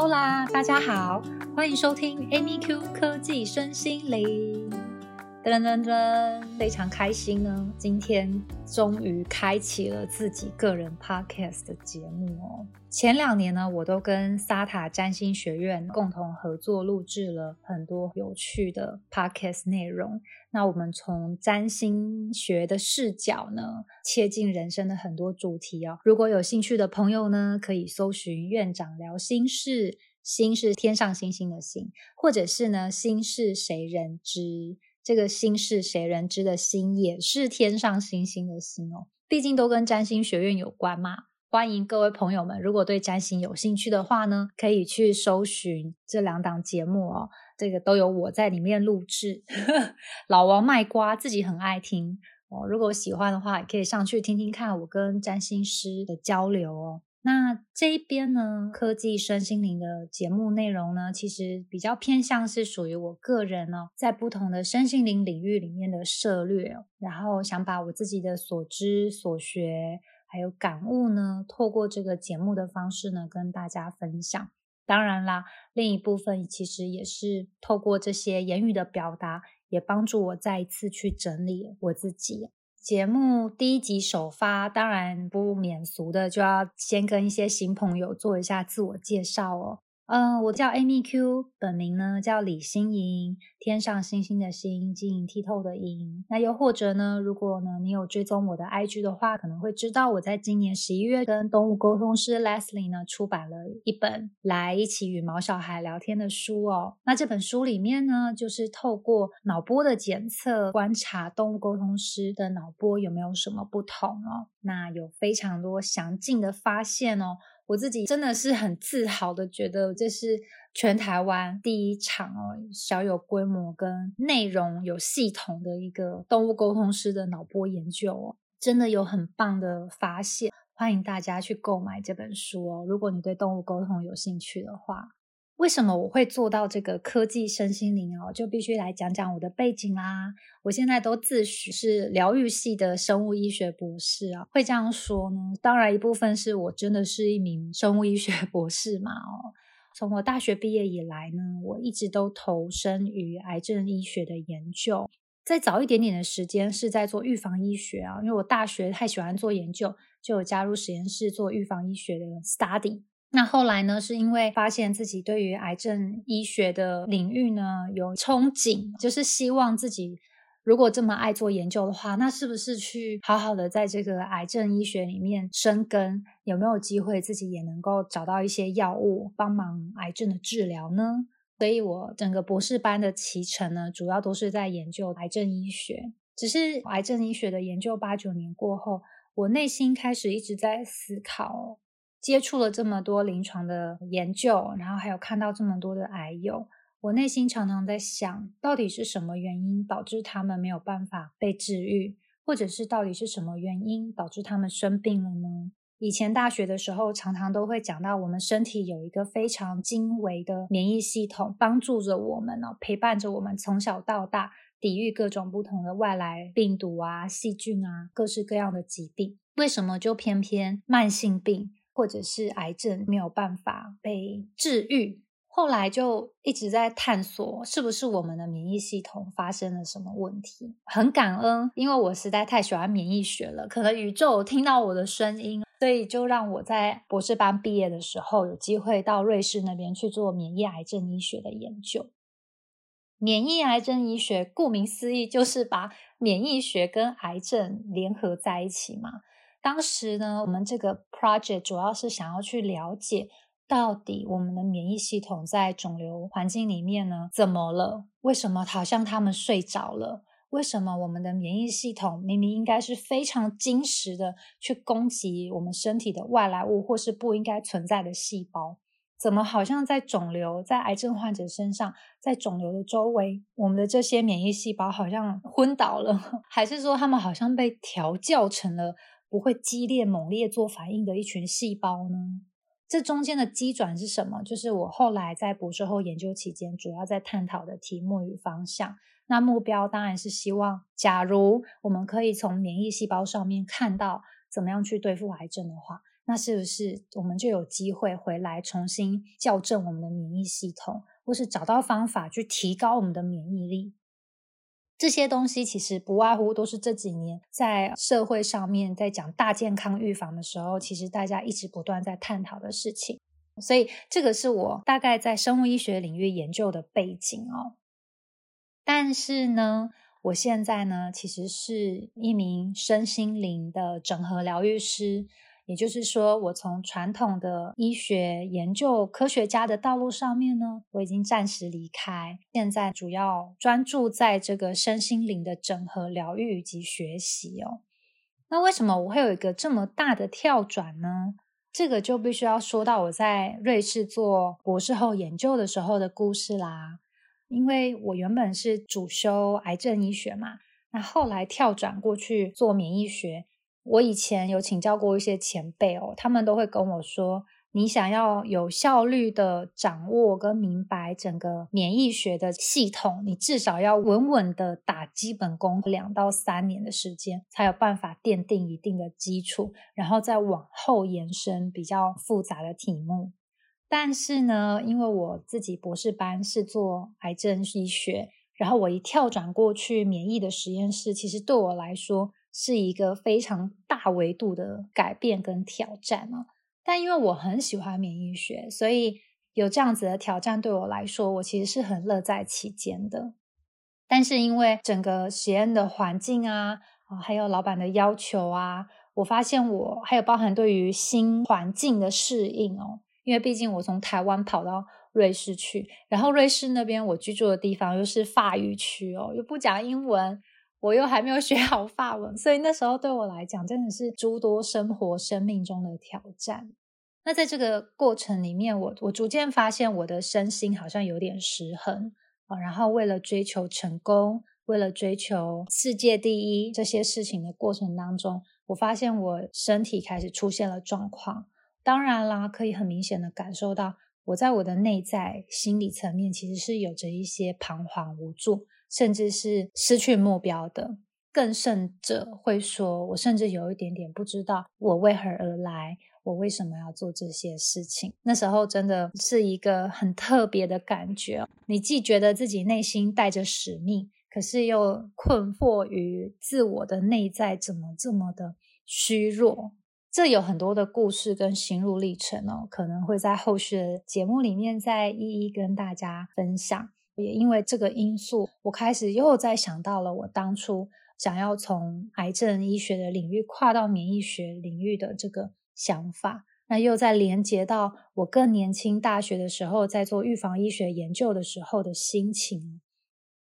Hola！Hola, 大家好，歡迎收聽 AmyQ 科技身心靈。非常開心呢，今天終於開啟了自己個人 podcast 的節目哦。前兩年呢，我都跟沙塔占星學院共同合作錄製了很多有趣的 podcast 內容。那我們從占星學的視角呢，切近人生的很多主題哦。如果有興趣的朋友呢，可以搜尋“院長聊星事”，星是天上星星的星，或者是呢，心事誰人知。這個心是誰人知的心，也是天上星星的心哦。畢竟都跟占星學院有關嘛。歡迎各位朋友們，如果對占星有興趣的話呢，可以去搜尋這兩檔節目哦。這個都有我在裡面錄制。呵老王賣瓜，自己很愛聽哦。如果喜歡的話，也可以上去聽聽看我跟占星師的交流哦。那這一邊呢，科技身心靈的節目內容呢，其實比較偏向是屬於我個人哦，在不同的身心靈領域裡面的涉略，然後想把我自己的所知所學還有感悟呢，透過這個節目的方式呢，跟大家分享。當然啦，另一部分其實也是透過這些言語的表達，也幫助我再一次去整理我自己。節目第一集首發，當然不免俗的就要先跟一些新朋友做一下自我介紹哦。嗯，我叫 Amy Q，本名呢叫李星瑩，天上星星的星，晶瑩剔透的瑩。那又或者呢，如果呢你有追蹤我的 IG 的話，可能會知道我在今年十一月跟動物溝通師 Leslie 呢出版了一本來一起與毛小孩聊天的書哦。那這本書裡面呢，就是透過腦波的檢測，觀察動物溝通師的腦波有沒有什麼不同哦。那有非常多詳盡的發現哦。我自己真的是很自豪的，覺得這是全台灣第一場哦，小有規模跟內容有系統的一個動物溝通師的腦波研究哦，真的有很棒的發現，歡迎大家去購買這本書哦，如果你對動物溝通有興趣的話。為什麼我會做到這個科技身心靈哦？就必須來講講我的背景啦、啊。我現在都自詡是療癒系的生物醫學博士啊，會這樣說呢，當然一部分是我真的是一名生物醫學博士嘛哦。從我大學畢業以來呢，我一直都投身於癌症醫學的研究。再早一點點的時間是在做預防醫學啊，因為我大學太喜歡做研究，就有加入實驗室做預防醫學的 study。那後來呢，是因為發現自己對於癌症醫學的領域呢有憧憬，就是希望自己如果這麼愛做研究的話，那是不是去好好的在這個癌症醫學裡面生根？有沒有機會自己也能夠找到一些藥物，幫忙癌症的治療呢？所以，我整個博士班的期程呢，主要都是在研究癌症醫學。只是癌症醫學的研究八九年過後，我內心開始一直在思考。接觸了這麼多臨床的研究，然後還有看到這麼多的癌友，我內心常常在想，到底是什麼原因導致他們沒有辦法被治癒，或者是到底是什麼原因導致他們生病了呢？以前大學的時候，常常都會講到，我們身體有一個非常精微的免疫系統，幫助着我們呢，陪伴着我們從小到大，抵禦各種不同的外來病毒啊、細菌啊、各式各樣的疾病。為什麼就偏偏慢性病？或者是癌症沒有辦法被治癒，後來就一直在探索，是不是我們的免疫系統發生了什麼問題。很感恩，因為我實在太喜歡免疫學了，可能宇宙聽到我的聲音，所以就讓我在博士班畢業的時候有機會到瑞士那邊去做免疫癌症醫學的研究。免疫癌症醫學顧名思義，就是把免疫學跟癌症聯合在一起嘛。當時呢，我們這個 project 主要是想要去了解，到底我們的免疫系統在腫瘤環境裡面呢怎麼了？為什麼好像他們睡着了？為什麼我們的免疫系統明明應該是非常精實的去攻擊我們身體的外來物或是不應該存在的細胞？怎麼好像在腫瘤、在癌症患者身上，在腫瘤的周圍，我們的這些免疫細胞好像昏倒了？還是說他們好像被調教成了？不會激烈猛烈做反應的一群細胞呢？這中間的機轉是什麼？就是我後來在博士後研究期間主要在探討的題目與方向。那目標當然是希望，假如我們可以從免疫細胞上面看到怎麼樣去對付癌症的話，那是不是我們就有機會回來重新校正我們的免疫系統，或是找到方法去提高我們的免疫力？這些東西其實不外乎都是這幾年在社會上面在講大健康預防的時候，其實大家一直不斷在探討的事情。所以這個是我大概在生物醫學領域研究的背景哦。但是呢，我現在呢，其實是一名身心靈的整合療癒師。也就是說，我從傳統的醫學研究科學家的道路上面呢，我已經暫時離開，現在主要專注在這個身心靈的整合療癒以及學習哦。那為什麼我會有一個這麼大的跳轉呢？這個就必須要說到我在瑞士做博士後研究的時候的故事啦。因為我原本是主修癌症醫學嘛，那後來跳轉過去做免疫學。我以前有請教過一些前輩哦，他們都會跟我說，你想要有效率的掌握跟明白整個免疫學的系統，你至少要穩穩的打基本功兩到三年的時間，才有辦法奠定一定的基礎，然後再往後延伸比較複雜的題目。但是呢，因為我自己博士班是做癌症醫學，然後我一跳轉過去免疫的實驗室，其實對我來說是一個非常大維度的改變跟挑戰啊，但因為我很喜歡免疫學，所以有這樣子的挑戰對我來說，我其實是很樂在其間的。但是因為整個實驗的環境啊，啊還有老板的要求啊，我發現我還有包含對於新環境的適應哦，因為畢竟我從台灣跑到瑞士去，然後瑞士那邊我居住的地方又是法語區哦，又不講英文。我又還沒有學好法文，所以那時候對我來講，真的是諸多生活生命中的挑戰。那在這個過程裡面，我我逐漸發現我的身心好像有點失衡啊。然後為了追求成功，為了追求世界第一這些事情的過程當中，我發現我身體開始出現了狀況。當然啦，可以很明顯的感受到，我在我的內在心理層面其實是有着一些彷徨無助。甚至是失去目標的，更甚者會說：“我甚至有一點點不知道我為何而來，我為什麼要做這些事情。”那時候真的是一個很特別的感覺哦，你既覺得自己內心帶着使命，可是又困惑於自我的內在怎麼這麼的虛弱。這有很多的故事跟心路歷程哦，可能會在後續的節目裡面再一一跟大家分享。也因為這個因素，我開始又在想到了我當初想要從癌症醫學的領域跨到免疫學領域的這個想法。那又在連接到我更年輕大學的時候，在做預防醫學研究的時候的心情。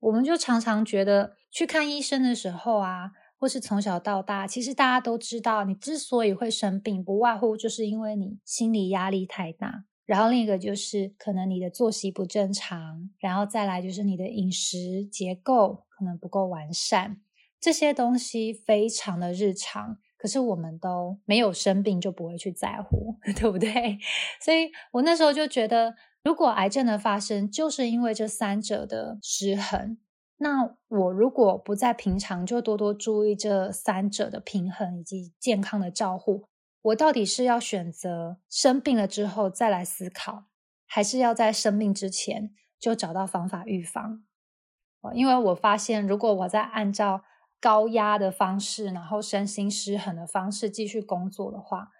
我們就常常覺得去看醫生的時候啊，或是從小到大，其實大家都知道，你之所以會生病，不外乎就是因為你心理壓力太大。然後另一個就是可能你的作息不正常，然後再來就是你的飲食結構可能不夠完善。這些東西非常的日常，可是我們都沒有生病就不會去在乎，對不對？所以我那時候就覺得，如果癌症的發生就是因為這三者的失衡，那我如果不在平常就多多注意這三者的平衡以及健康的照護，我到底是要選擇生病了之後再來思考，還是要在生病之前就找到方法預防？因為我發現，如果我在按照高壓的方式，然後身心失衡的方式繼續工作的話，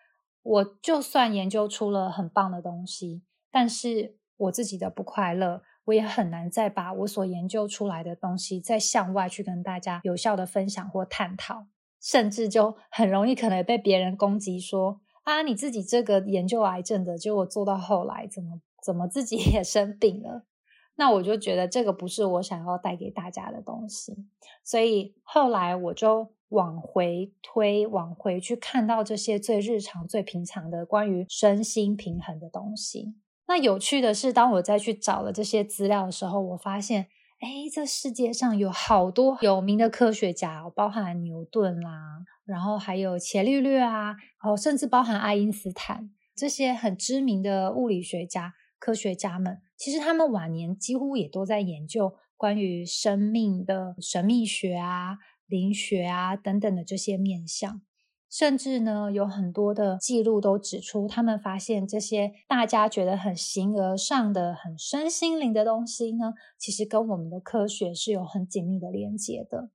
我就算研究出了很棒的東西，但是我自己的不快樂，我也很難再把我所研究出來的東西再向外去跟大家有效的分享或探討。甚至就很容易可能被別人攻擊說啊，你自己這個研究癌症的結果做到後來，怎麼怎麼自己也生病了？那我就覺得這個不是我想要帶給大家的東西。所以後來我就往回推，往回去看到這些最日常、最平常的關於身心平衡的東西。那有趣的是，當我再去找了這些資料的時候，我發現，哎，這世界上有好多有名的科學家，包含牛頓啦、啊，然後還有伽利略啊，然後甚至包含愛因斯坦這些很知名的物理學家、科學家們，其實他們晚年幾乎也都在研究關於生命的神秘學啊、靈學啊等等的這些面向。甚至呢，有很多的記錄都指出，他們發現這些大家覺得很形而上的、很身心靈的東西呢，其實跟我們的科學是有很緊密的連接的。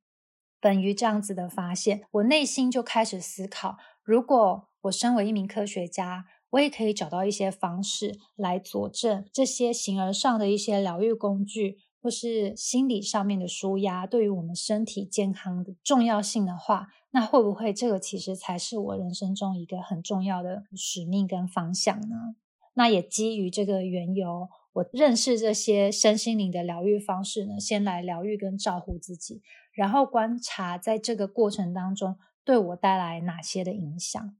本於這樣子的發現，我內心就開始思考：如果我身為一名科學家，我也可以找到一些方式來佐證這些形而上的一些療癒工具。或是心理上面的舒壓，對於我們身體健康的重要性的話，那會不會這個其實才是我人生中一個很重要的使命跟方向呢？那也基於這個緣由，我認識這些身心靈的療癒方式呢，先來療癒跟照顧自己，然後觀察在這個過程當中對我帶來哪些的影響。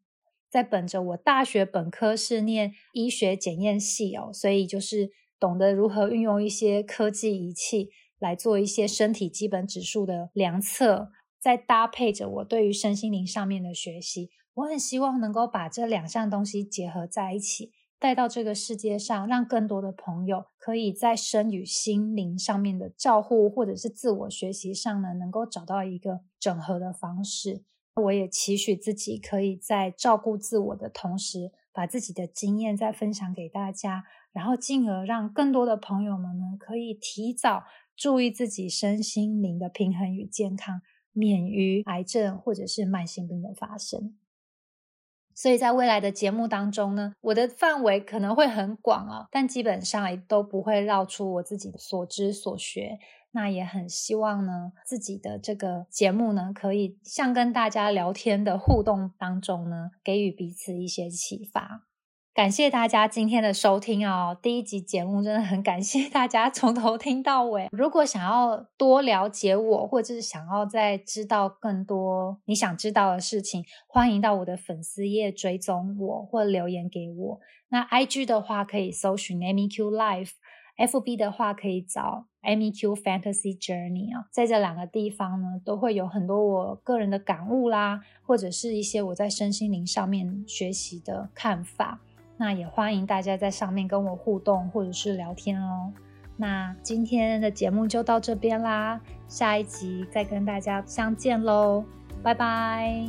在本着我大學本科是念醫學檢驗系哦，所以就是。懂得如何運用一些科技儀器來做一些身體基本指數的量測，再搭配着我對於身心靈上面的學習，我很希望能夠把這兩項東西結合在一起，帶到這個世界上，讓更多的朋友可以在身與心靈上面的照護，或者是自我學習上呢，能夠找到一個整合的方式。我也期許自己可以在照顧自我的同時，把自己的經驗再分享給大家。然後，進而讓更多的朋友們呢，可以提早注意自己身心靈的平衡與健康，免於癌症或者是慢性病的發生。所以在未來的節目當中呢，我的範圍可能會很廣啊、哦，但基本上也都不會繞出我自己所知所學。那也很希望呢，自己的這個節目呢，可以像跟大家聊天的互動當中呢，給予彼此一些啟發。感謝大家今天的收聽哦！第一集節目真的很感謝大家從頭聽到尾。如果想要多了解我，或者是想要再知道更多你想知道的事情，歡迎到我的粉絲頁追蹤我，或留言給我。那 IG 的話可以搜尋 AmyQ Life，FB 的話可以找 AmyQ Fantasy Journey 啊、哦。在這兩個地方呢，都會有很多我個人的感悟啦，或者是一些我在身心靈上面學習的看法。那也歡迎大家在上面跟我互動或者是聊天哦。那今天的節目就到這邊啦，下一集再跟大家相見嘍，拜拜。